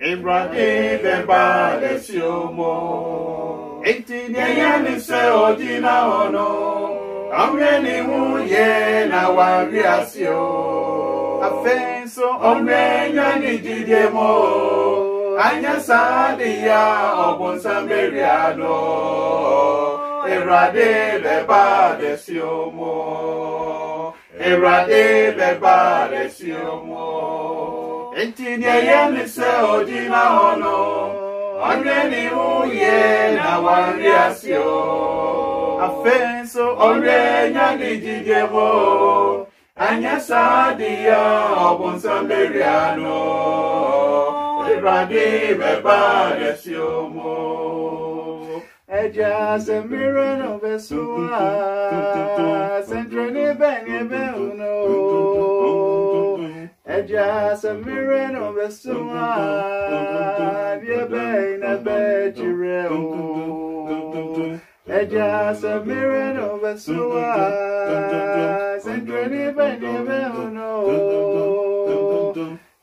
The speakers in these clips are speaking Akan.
Ibrahim Mbalesi Omo etinye ya n'ise oji na ọnụ ọmreni nwunye na wariasi o afe nso ọmrenya n'ijide m anya saa ya ọ bụ nsameri anọ Ibrahim Mbalesi Omo Ibrahim Mbalesi Omo Enti niye mise odima hono Onre ni uye na wanri asio Afenso onre nyani jigebo Anya sadia obunsa meriano Ebradi beba desiomo Eja se mirano besua Sentrene benye beuno Eja samire no besuma Dia bay na bejire o Eja and no besuma Sendreni benye behono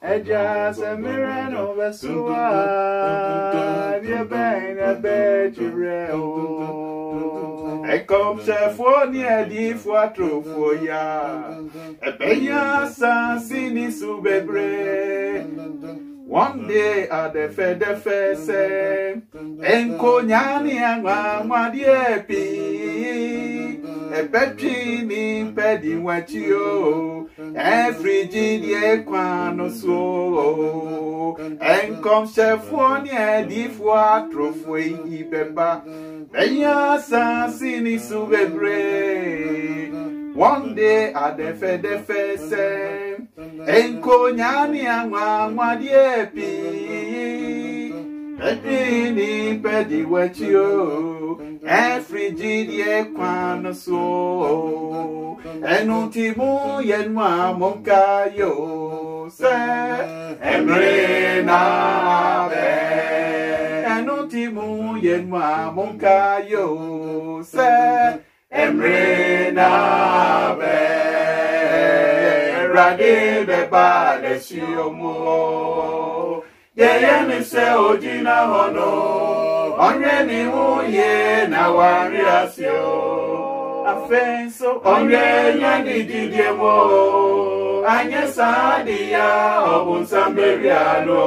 Eja samire no besuma Dia bay na bejire o Ekɔmhyɛfoɔ ne adiyifoɔ atorofoɔ ya ɛbɛnya asaase ne so bebree One day adefe defe sɛ nkonya ne anwanwadeɛ pii ebetwini mpedi nwachi o efriji ni ekwano so o enkomhyɛfoɔ ne adiifoɔ atorofoɔ yi bɛba bɛyɛ asase ne so bebree wɔn de adɛfɛdɛfɛ sɛ nkonya ne anwanwadeɛ pii bɛtwi ni mpedi wakyi o. Efrigirie kwano so Enuntimu yenwa monkayo se Emrena be Enuntimu yenwa monkayo se Emrena be Rade beba de siomo ye ni se ojina hono onye ni nwunye na-awari asị o onye ya n'idide mo anyị saa dị ya ọ bụ nsammeri anụ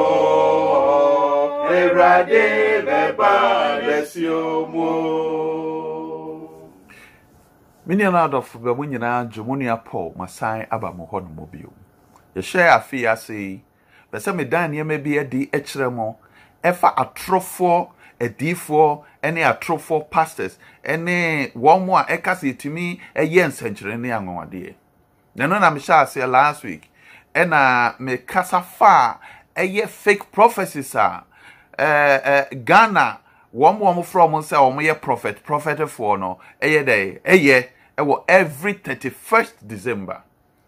erade beba besi omuo mene no adɔfo ba mu nyinaa gye paul masan aba mo hɔ nom bio yɛhyɛ afei ase yi pɛ sɛ meda nneɛma bi adi kyerɛ mo ɛfa atorɔfoɔ adiifoɔ ne atorofoɔ pastors ne wɔn a ɛka sɛ etumi yɛ nsɛnkyerɛ ne anwanwadeɛ nanu na mehyɛ aseɛ last week ɛna mekasa fa a ɛyɛ fake prophecies a ɛɛ ɛɛ ghana wɔn wɔn frɔ wɔn sɛ wɔn yɛ prophet prophetfoɔ no ɛyɛ dɛ ɛyɛ ɛwɔ every thirty first december.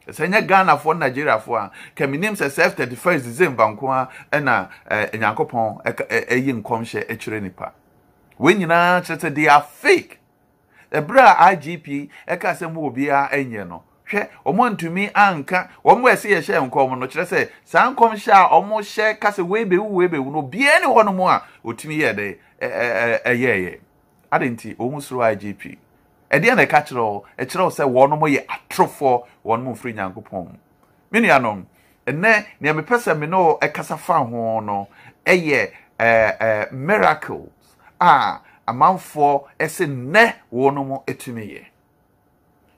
sɛ nyɛ ghanafoɔ nigeriafoɔ a kɛminim sɛ sɛ fta defirst december nko a ɛna nyankopɔn ɛyi nkɔmhyɛ akyerɛ nipa wɔn nyinaa kyerɛ sɛ they are fake ɛberɛ a igp ɛka sɛ mu wɔ biara ɛnyɛ no hwɛ wɔn ntumi anka wɔn a ɛsi yɛhyɛ nkɔm no kyerɛ sɛ saa nkɔmhyɛ a wɔn hyɛ kasa weebewu weebewu no obiara ne hɔ a otumi yɛ de ɛyɛɛyɛ adi nti wɔn soro igp ɛdeɛ na ɛka kyerɛ wo ɛkyerɛ wo sɛ wɔnom yɛ atorofoɔ wɔnom mfiri nyankopɔn mu me nuanom ɛnɛ nea mepɛ sɛ me ne wo ɛkasa fa ho no ɛyɛ ɛɛ ɛɛ miracles a amanfo ɛsɛ nnɛ wɔnom ɛtumi yɛ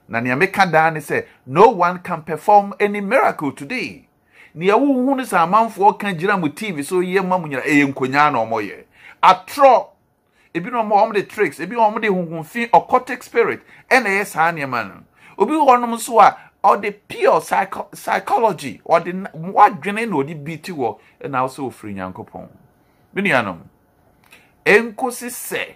na nea meka daa ne sɛ no one can perform any miracle today nea wohu no sɛ amanfoɔ ka gyina mo tv so yɛ ma mo nyina ɛyɛ nkonyaa na ɔmɔyɛ atorɔ Ebi ebinom a de tricks ebi a de huhunfin occultic spirit ɛna ɛyɛ saa nneɛma no obi wɔ hɔnom nso a ɔde pure psychology ɔde wadwene na ɔde bi ti wɔ ɛna ɔsɛ ofiri nyankopɔn bi nuanom nkosi sɛ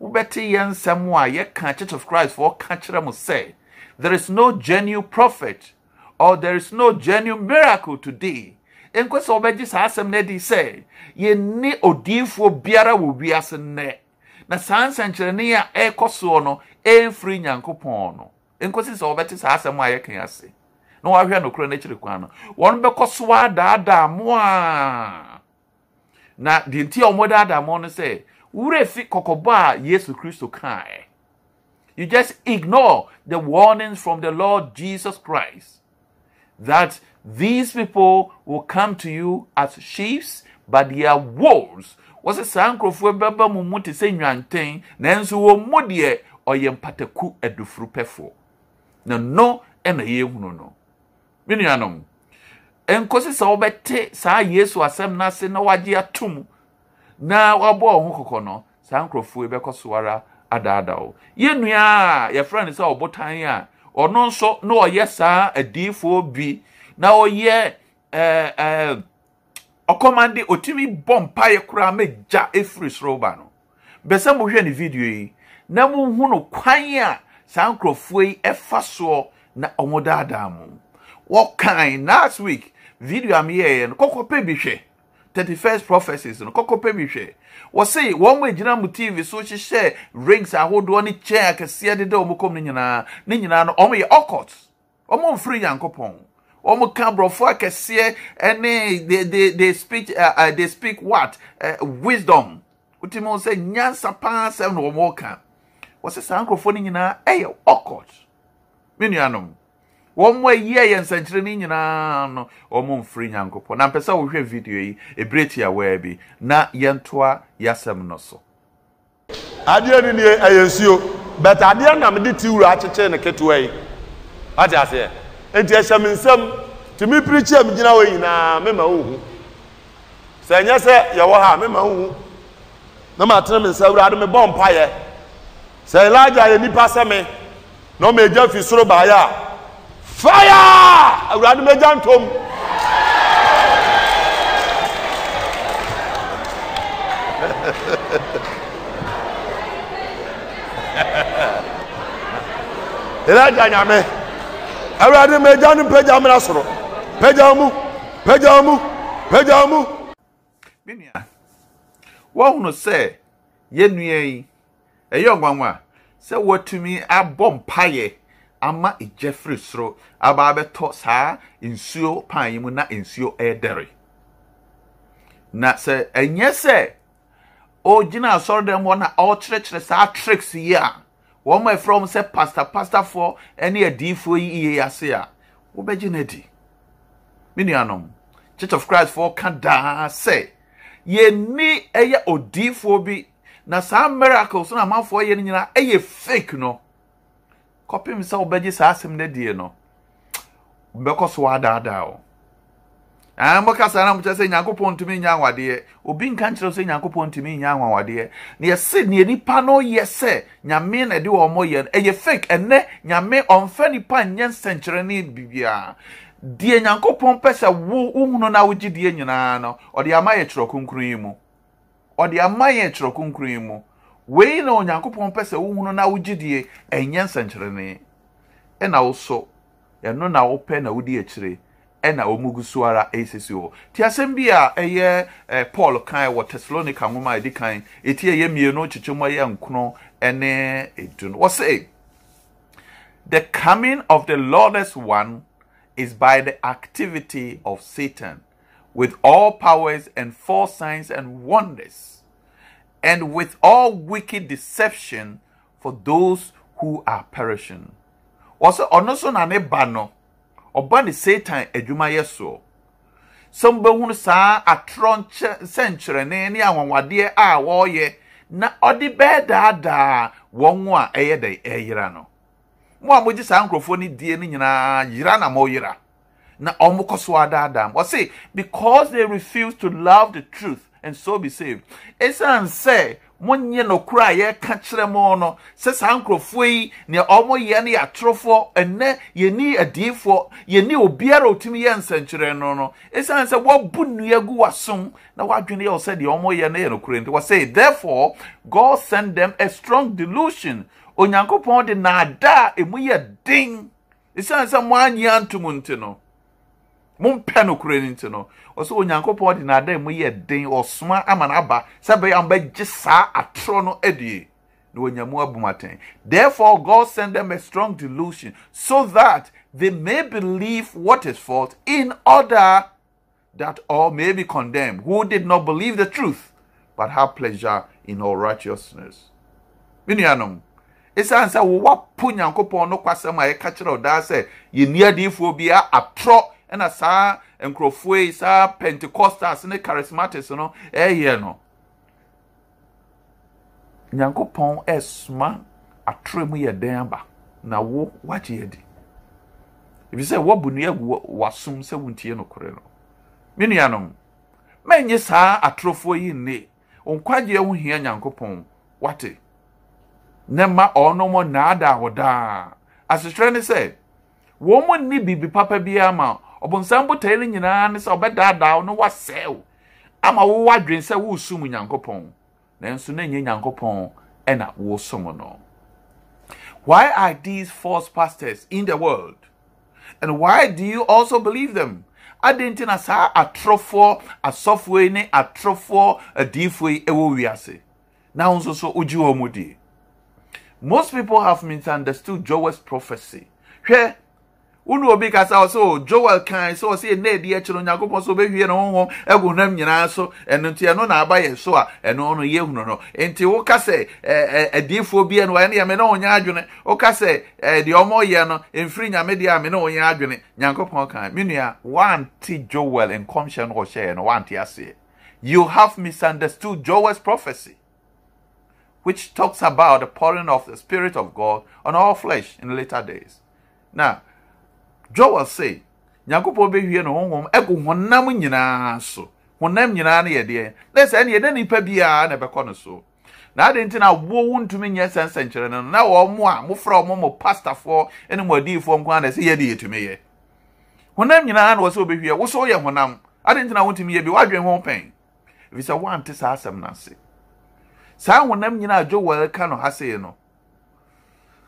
wobɛte yɛn nsɛm a yɛka church of christ for ɔka kyerɛ mo sɛ there is no genuine prophet or there is no genuine miracle today nkosi a wɔbɛgye saa asɛm di se. Ye ni odiifoɔ biara wɔ wiase nnɛ na saa nsɛnkyerɛnne a ɛrekɔ soɔ no ɛmfiri nyankopɔn no nkosi sɛ wɔbɛte saa asɛm a yɛka ase na wɔahwɛ nokorɛ no akyiri kwan no wɔn bɛkɔ so adaadaa na deɛ nti a wɔdaadaa mo no sɛ wura fi kɔkɔbɔ a yesu kristo kaeɛ you just ignore the warnings from the lord jesus christ that these people will come to you as sheeps but they are wolves wɔsɛ saa nkurɔfoɔ bɛba mu mu te sɛ nwanten nanso wɔn mu deɛ ɔyɛ mpataku adufuru na no ɛna yɛhunu no me nuanom nkɔsi sɛ wɔbɛte saa yesu asɛm n'ase na wagye atum na wabɔ wɔn ho kɔkɔ no saa nkurɔfoɔ bɛkɔ so ara adaada o yɛn nua a yɛfrɛ no sɛ ɔbotan a ɔno nso na ɔyɛ saa adiifoɔ bi na ɔyɛ ɛɛ ɛɛ. ɔkɔmande otumi bɔ mpaeɛ koraa mɛgya efiri soro ba no bɛsɛ mohwɛ ne video yi na muhu no kwan a saa nkurɔfoɔ yi ɛfa soɔ na ɔmo daadaa mu wɔkan last week video a meyɛeɛ no kɔkɔpɛ bi hwɛ thirty first prophecies no kɔkɔpɛ bi hwɛ wɔse wɔn mo egyina mo tv so hyehyɛ rings ahodoɔ ne chair akɛseɛ deda wɔn kɔm no nyinaa ne nyinaa no ɔmo yɛ ɔkɔt ɔmo nfiri yankɔpɔn. wɔn ka aborɔfo akɛseɛ ɛne they they they speak uh, uh, they speak what uh, wisdom wotumi wɔn sɛ nyansa paa sɛm na wɔn ka wɔsɛ saa nkurɔfoɔ no nyinaa ɛyɛ awkward me nuanom wɔn a yi a yɛ nsɛnkyerɛ no nyinaa no wɔn mfiri nyankopɔ na mpɛ sɛ wohwɛ video yi ebire ti awaa bi na yɛntoa yɛasɛm no so. adeɛ no nie ɛyɛ nsuo bɛtɛ adeɛ nam de ti wura akyekyere ne ketewa yi wate aseɛ nti ɛhyɛ me nsam tumi pirikyi a megyina hɔ nyinaa mema wo hu sɛ ɛnyɛ sɛ yɛwɔ ha mema wo hu na matene me nsa awurade mebɔ mpayɛ sɛ elagya yɛ nnipa sɛ me na ɔma ɛgya fi soro baeɛ a fire awurade mɛgya ntom elagya nyame awurade ma agya no mpagya mmra soro pagya mu pagya mu pagya mu menua woahunu sɛ yɛnnua yi ɛyɛ ɔnwanwa sɛ wɔatumi abɔ mpaeɛ ama egya firi soro aba abɛtɔ saa nsuo pan yi mu na nsuo ɛredɛre na sɛ ɛnyɛ sɛ ogyina asɔredan mu hɔ na ɔrekyerɛkyerɛ saa tricks yi a wɔn mo ɛfrɛ wɔn sɛ pasta pastafoɔ ɛne adiifoɔ yi ase a wɔbɛgye no adi me nuanom church of christ foɔ ka daa sɛ ni ɛyɛ odiifoɔ bi na saa miracles na amanfoɔ yɛ no nyinaa ɛyɛ fake no kɔpem sɛ wɔbɛgye saa asɛm no adie no mbɛkɔ so wɔ adaadaa o mɔkasa na mokyerɛ sɛ nyankopɔn ntumi nya awadeɛ obi nka nkyerɛ sɛ nyankopɔn ntumi nya awadeɛ na yɛse neɛ nipa no yɛ sɛ nyame na ɛde wɔn yɛ no ɛyɛ fake ene nyame ɔmfa nipa nyen nsɛnkyerɛnne bibiara deɛ nyankopɔn pɛ sɛ wo wohunu na wogye deɛ nyinaa no ɔde ama yɛ twerɛ kronkron yi mu ɔde ama yɛ twerɛ kronkron yi mu wei na onyankopɔn pɛ sɛ wohunu na wogye deɛ ɛnyɛ nsɛnkyerɛnne ɛna wo so ɛno na wopɛ na wodi akyire ɛna wɔn gu so ara hɔ asɛm bi a ɛyɛ paul kan wɔ nwoma a kan eti ɛyɛ mmienu kyekyɛ mu ɛyɛ nkono ɛne the coming of the lawless one is by the activity of satan with all powers and false signs and wonders and with all wicked deception for those who are perishing wɔsɛ ɔno so na ne ba no. ɔba ne satan adwumayɛ soɔ sɛm bɛhunu saa atorɔ nsɛnkyerɛnne ne anwanwadeɛ a wɔreyɛ na ɔde bɛɛdaadaa wɔn a ɛyɛ dɛ ɛyera no mo a mogye saa nkurɔfoɔ no die no nyinaa yera na moyera na ɔmo kɔ so adaadaa m ɔse because they refuse to love the truth and so be saved ɛsiane sɛ Monye nokora a yɛka kyerɛ mo no sɛ saa nkurɔfoɔ yi nea ɔmoyɛ no yɛ atorofoɔ ɛnɛ yɛni adiifoɔ yɛni obiara ɔtumi yɛ nsɛnkyerɛ no no ɛsiane sɛ wɔbu nnua gu w'asom na wɔadwene yɛ wo sɛ deɛ ɔmoyɛ no yɛ nokora nti wɔsɛ therefore god send them a strong delusion onyankopɔn de naadaa ɛmu yɛ den ɛsiane sɛ moanyea ntom nti no mompɛ no kuro no nti no ɔsɛ onyankopɔn de n'adan mu yɛ den ɔsoma ama no aba sɛ bɛyɛ a bɛgye saa atorɔ no adie na wɔnya mu abomaten therefore god send them a strong delusion so that they may believe what is false in order that all may be condemned who did not believe the truth but have pleasure in all righteousness me nuanom ɛsiane sɛ wowɔ po nyankopɔn no kwasɛm a yɛka kyerɛ wo daa sɛ yɛnni adiifoɔ biara atorɔ ɛna saa nkurɔfoɔ yi saa pentecostals ne charismatics no ɛyɛ no nyankopɔn ɛsoma atorɛ mu yɛ dɛn aba na wo wagye yɛ di efisɛ wɔbu no yɛgu wasom sɛ wontie nokorɛ no me nuanom mɛnyɛ saa atorofoɔ yi nne nkwagyeɛ ho hia nyankopɔn wate ne ma ɔnom naadaa hɔ daa asetwerɛ ne sɛ wɔn mu nni biribi papa biara ma ɔbɔnsam botae no nyinaa ne sɛ ɔbɛdaadaa wo no wasɛe wo ama wowɔ adwene sɛ woresum nyankopɔn nanso na ɛnyɛ nyankopɔn ɛna wosom no why are these false pastors in the world and why do you also believe them adɛn nti na saa atorofoɔ asɔfoɔ yi ne atorofoɔ adiifoɔ yi ɛwɔ wiase na wo nso so wogye wɔ mu die most people have misunderstood joel's prophecy hwɛ Unu obi kasa ɔsɛ oh, joel kan sɛ ɔsɛ ɛnna ɛdi akyire onyankopɔn sɛ ɔbɛhwie ne honhom ɛgu nam nyinaa so ɛno nti ɛno na aba yɛ so a ɛno no yɛhunu no nti woka sɛ adiifoɔ bi no ɛne yɛme ne ɔnyɛ adwene woka sɛ deɛ ɔmɔyɛ no ɛmfiri nyame deɛ a me ne ɔnyɛ adwene nyankopɔn kan me nua woante joel nkɔmhyɛ no ɔhyɛɛ no woante aseɛ you have misunderstood joel's prophecy which talks about the pouring of the spirit of god on all flesh in later days now joel sɛ nyankopɔn bɛhwie ne honhom ɛgu honam nyinaa so honam nyinaa no yɛ deɛ na sɛ ɛne yɛda nipa biara na ɛbɛkɔ no so na ade nti na wo wontumi nyɛ sɛnsɛnkyerɛ no na wɔn mo a mofrɛ wɔn mo pastafoɔ ne mo adiifoɔ nko ara sɛ yɛde yɛtumi yɛ honam nyinaa na wɔsɛ wɔbɛhwie wo so woyɛ honam ade nti na wontumi yɛ bi woadwen ho pɛn ɛfiri sɛ woante sa asɛm na ase saa honam nyinaa joel ka no ha sei no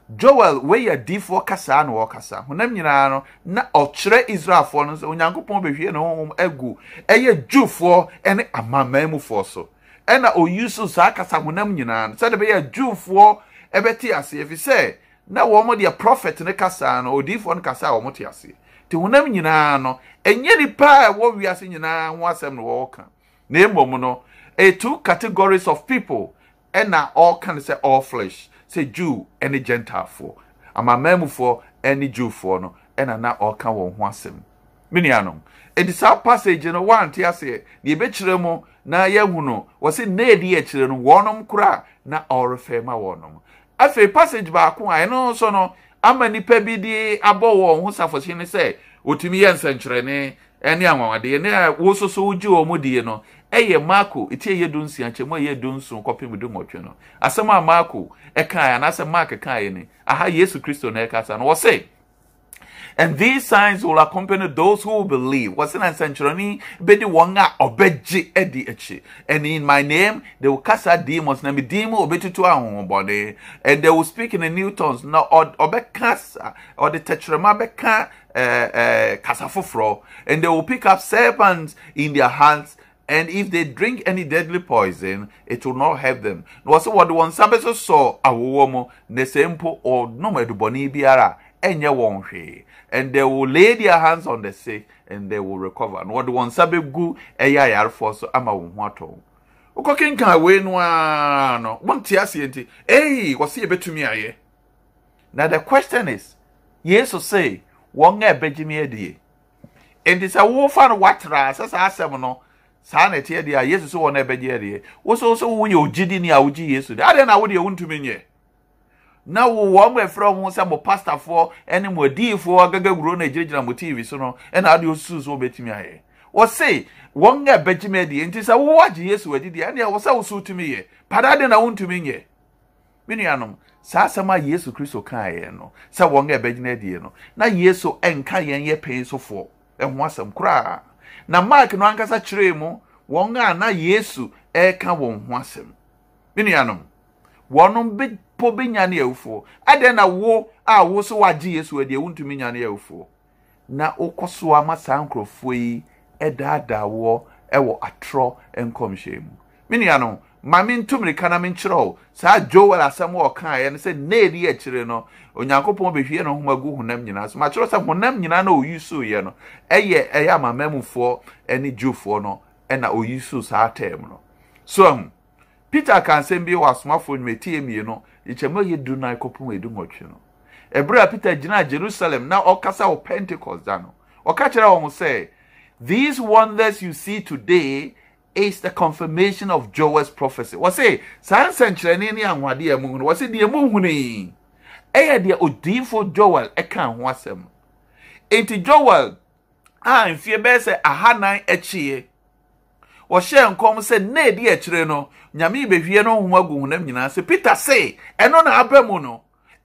joel wei yɛ diifoɔ kasaa na wɔkasa honam nyinaa no na ɔkyerɛ israelfoɔ no sɛ onyankopɔn bɛhwie ne honhom agu ɛyɛ jufoɔ ne amamaamufoɔ so ɛna oyi so saa kasa honam nyinaa no sɛde bɛyɛ jufoɔ ɛbɛte aseɛ fi sɛ na wɔn deɛ prɔfɛt ne kasaa no odiifoɔ no kasaa wɔn te aseɛ te honam nyinaa no ɛnyɛ nipa a ɛwɔ wiase nyinaa ho asɛm na wɔwɔ ka na emom no etu categories of people ɛna ɔreka no sɛ all flesh sɛ jew ne gentilefoɔ amamaamufoɔ ne jewfoɔ no ɛna na ɔreka wɔn ho asɛm me nuanom ɛnti saa passage no woante aseɛ na yɛbɛkyerɛ mu na yɛahu no wɔse na yɛde yɛkyerɛ no wɔnom koraa na ɔrefɛ ma wɔnom afei passage baako a ɛno nso no ama nnipa bi de abɔ wɔn ho safosye ne sɛ wɔtumi yɛ nsɛnkyerɛnne ne anwanwadeɛ ne a wososo wogye wɔn mu die no ɛyɛ maako eti ɛyɛ do nsia nkyɛn mu ɛyɛ do nson kɔpem do nwɔtwe no asɛm a maako ɛkaeɛ mark kaeɛ ni aha yesu kristo na kasa no and these signs will accompany those who believe wɔse na nsɛnkyerɛni bedi wanga a ɔbɛgye edi akyi and in my name they will cast out demons na mi dim obetutu ahohobɔne and they will speak in the new tongues na ɔbɛkasa ɔde tɛkyerɛma bɛka ɛɛ ɛɛ kasa foforɔ and they will pick up serpents in their hands and if they drink any deadly poison, it will not help them. What the one wɔn saw, a woman, the simple or no matter ɔnom adubɔne biara ɛnyɛ wɔn hwee. And they will lay their hands on the sick and they will recover. What the one wɔn go, a ɛyɛ ayarefoɔ so ama wɔn ho atɔ. Wokɔkenkan wei no ara no, wɔnte aseɛ nti, ee, wɔsi yɛbɛtumi ayɛ. Now the question is, Yesu say, wɔn a ɛbɛgye me adie. Nti sɛ wofa no watra sɛ saa asɛm no, saa na ɛteɛ deɛ a yesu so wɔ no ɛbɛgye deɛ wosow so wonyɛ ogyidi ni a wogye yesu deɛ adeɛ na wodeɛ wontumi nyɛ na wɔn mo ɛfrɛ ho sɛ mo pastafoɔ ne mo adiifoɔ agagaguro na egyinagyina mo tv so no ɛna adeɛ osusu so wɔbɛtumi ayɛ wɔse wɔn a ɛbɛgye mɛ deɛ nti sɛ wowɔ agye yesu agye deɛ ɛne ɛwɔ sɛ wosow tumi yɛ pada adeɛ na wontumi nyɛ me nuanom saa asɛm a yesu kristo kaa yɛn no sɛ wɔn a ɛbɛgyina deɛ no na yesu ɛnka yɛn yɛ pɛn sofoɔ ɛho asɛm na mark no ankasa kyerɛɛ mu wɔn a na yesu ɛreka wɔn ho asɛm me nuanom wɔn bi bɛnya ne awufoɔ adɛn na wo a wo so wagye yesu adiɛ wontumi nya ne awufoɔ na wokɔ so ama saa nkurɔfoɔ yi ɛdaadaa woɔ ɛwɔ atorɔ nkɔmhyɛ mu me maame ntum reka na menkyerɛ wo saa joel asɛm wɔ ɔkaeɛ no sɛ na ɛdi akyire no onyankopɔn bɛhwie no homa gu honam nyinaa so makyerɛ sɛ honam nyinaa na ɔyi soeɛ no ɛyɛ ɛyɛ amamamufoɔ ne dwofoɔ no ɛna ɔyi so saa tam no so um, peter ka nsɛm bi wɔ asomafoɔ nnwuma ɛtie mmienu yɛkyɛmɛ yɛ du nan kɔpem ɛdu nwɔtwe no ɛberɛ a peter gyinaa jerusalem na ɔkasa wɔ pentecost da no ɔka kyerɛ wɔn sɛ these wonders you see today is the confirmation of Joel's prophecy. Wɔse saa nsɛnkyerɛnne ne ahoɔden a ɛmu hunu wɔse deɛ ɛmu hunu yi ɛyɛ deɛ odiifo Joel ɛka ho asɛm. Nti Joel a mfie bɛyɛ sɛ ahanan akyiɛ wɔhyɛ nkɔm sɛ na edi akyire no nyame bɛhwie no nhoma agu honam nyinaa sɛ Peter se ɛno na aba mu no.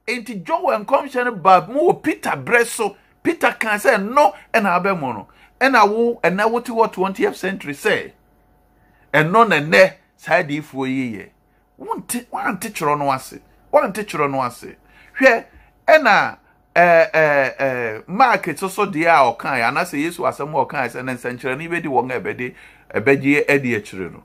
Nti Joel nkɔmhyɛ no baa mu wɔ Peter brɛ so Peter kan sɛ no ɛna aba mu no ɛna wo ɛna wote wɔ twentieth century sɛ. ɛno na ɛnɛ saa adiifoɔ yi yɛ wonte wante twerɛ no ase wante twerɛ no ase hwɛ ɛna ɛɛ e, ɛɛ e, ɛɛ e, soso deɛ a ɔkae anaasɛ yesu asɛm a yi sɛ ne nsɛnkyerɛni bɛdi wɔn a ɛbɛdi ɛbɛgye ɛdi akyire no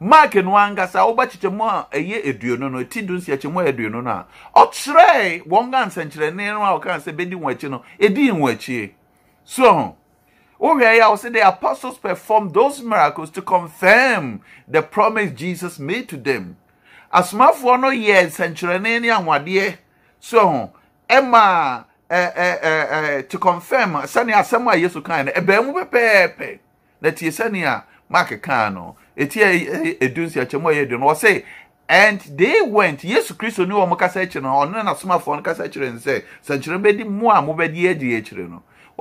maaki no ankasa wobɛkyekyɛ mu a ɛyɛ eduonu no ti du nsia mu a aduonu no a wɔn a nsɛnkyerɛni no a ɔkae sɛ bɛdi wɔn akyi no ɛdi wɔn akyi so. Okay, I'll say the apostles performed those miracles to confirm the promise Jesus made to them. Asomafoɔ no yɛ and ne ahoɔdeɛ so Emma to confirm sɛnea asɛm a Yesu kan no ɛbɛn mu pɛpɛɛpɛ na tie eti ɛ edu nsia kyɛm ɔyɛ and they went Yesu Kristo knew wɔn kasa akyire no ɔno na asomafoɔ no kasa akyire no sɛ nsɛnkyerɛnne mubedi e di mo bɛdi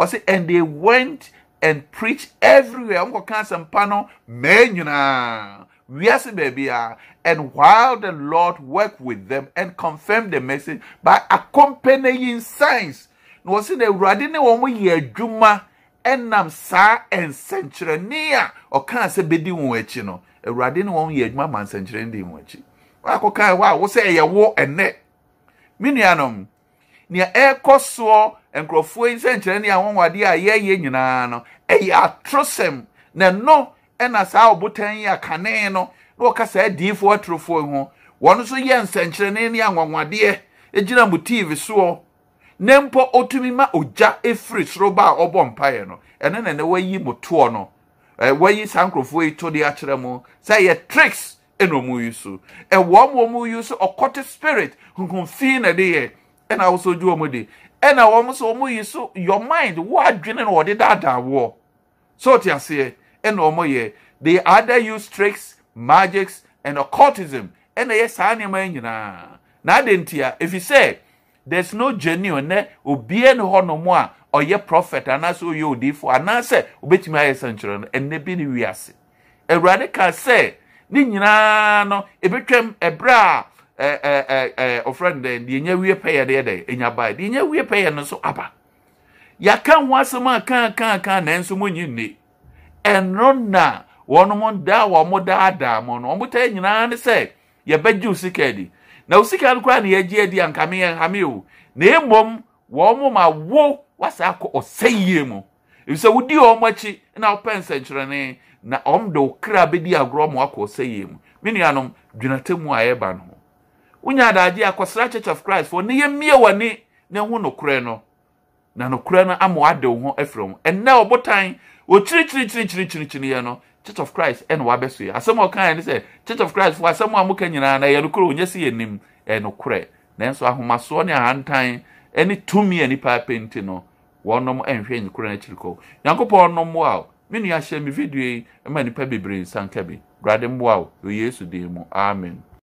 adi and they went. and preach everywhere ɔnkɔka asɛmpa no mmaa nyinaa wiase baabi a and while the lord worked with them and confirmed the message by accompanying signs na wɔsi na awurade ne wɔn yɛ adwuma ɛnam saa nsɛnkyerɛnne a ɔkaa sɛ bɛdi wɔn akyi no awurade ne wɔn yɛ adwuma ma nsɛnkyerɛnne di wɔn akyi wakɔka ɛwɔ a wɔsɛ ɛyɛ wɔ ɛnɛ me nuanom nea ɛrekɔ soɔ nkurɔfoɔ yi nsɛnkyerɛnne a wɔnwadeɛ a yɛyɛ nyinaa no ɛyɛ atrosɛm na ɛno ɛna saa ɔbotan yi akane kane no na wɔka adiifoɔ atorofoɔ yi ho wɔn nso yɛ nsɛnkyerɛnne ne anwanwadeɛ gyina mu tv soɔ ne mpo otumi ma ogya efiri soro ba a ɔbɔ mpaeɛ no ɛno na ne wɔyi mo toɔ no ɛɛ wɔyi saa nkurɔfoɔ yi to de akyerɛ mo sɛ yɛ tricks ɛna wɔn yi so ɛwɔ wɔn yi so ɔkɔte spirit nkunfin na ɛde yɛ ɛna ahosuo gye wɔn de ɛna wɔn so wɔn yi so your mind wo adwene na wɔde daadaa woɔ so ɔte aseɛ ɛna wɔn yɛ they either use tricks magics and occultism ɛna ɛyɛ saa nneɛma yi nyinaa na adi nti a efi sɛ there's no genuine nɛ obiara ne hɔnom a ɔyɛ prophet anaasɛ ɔyɛ odiifo anaasɛ obetumi ayɛ sɛnkyerɛ no ɛnna bi ne wiase awurade ka sɛ ne nyinaa no ebi twɛm ɛbrɛ a. ɔfrɛ eh, eh, eh, no deɛ ɛnya wie pɛyɛ deɛ dɛ deɛ no nso aba yaka ho asɛm a kaa kaa kaa nanso monyi nni na wɔnom wɔn mo mo no wɔn taa nyinaa ne sɛ yɛbɛgye o sika na o sika koraa na yɛgye adi ankame yɛn hame o na emom wɔn ma wo wasa akɔ ɔsɛ yie mu ebisɛ wodi wɔn akyi na ɔpɛ nsɛnkyerɛnne na wɔn de okra bɛdi agorɔ ma wakɔ ɔsɛ yie mu a no wonya adagye akɔsra church of christ fo ne yɛmmie w'ani na ɛho nokorɛ no na nokorɛ no ama wade wo ho afiri ho ɛnnɛ ɔbotan wɔkyirikyirikyirikyirikyirikyirikyiriɛ no church of christ ɛna wabɛso yɛ asɛm a ɔkaeɛ ne sɛ church of christ fo asɛm a moka nyinaa na ɛyɛ nokorɛ ɔnyɛ sɛ yɛnim ɛyɛ nokorɛ nanso ahomasoɔ ne ahantan ne tumi a nipa apɛ no wɔnom nhwɛ nokorɛ no akyiri kɔ nyankopɔn nom wo a me nua hyɛ me video yi ma nipa bebree nsanka bi awurade mmoa wo wɔ yesu din mu amen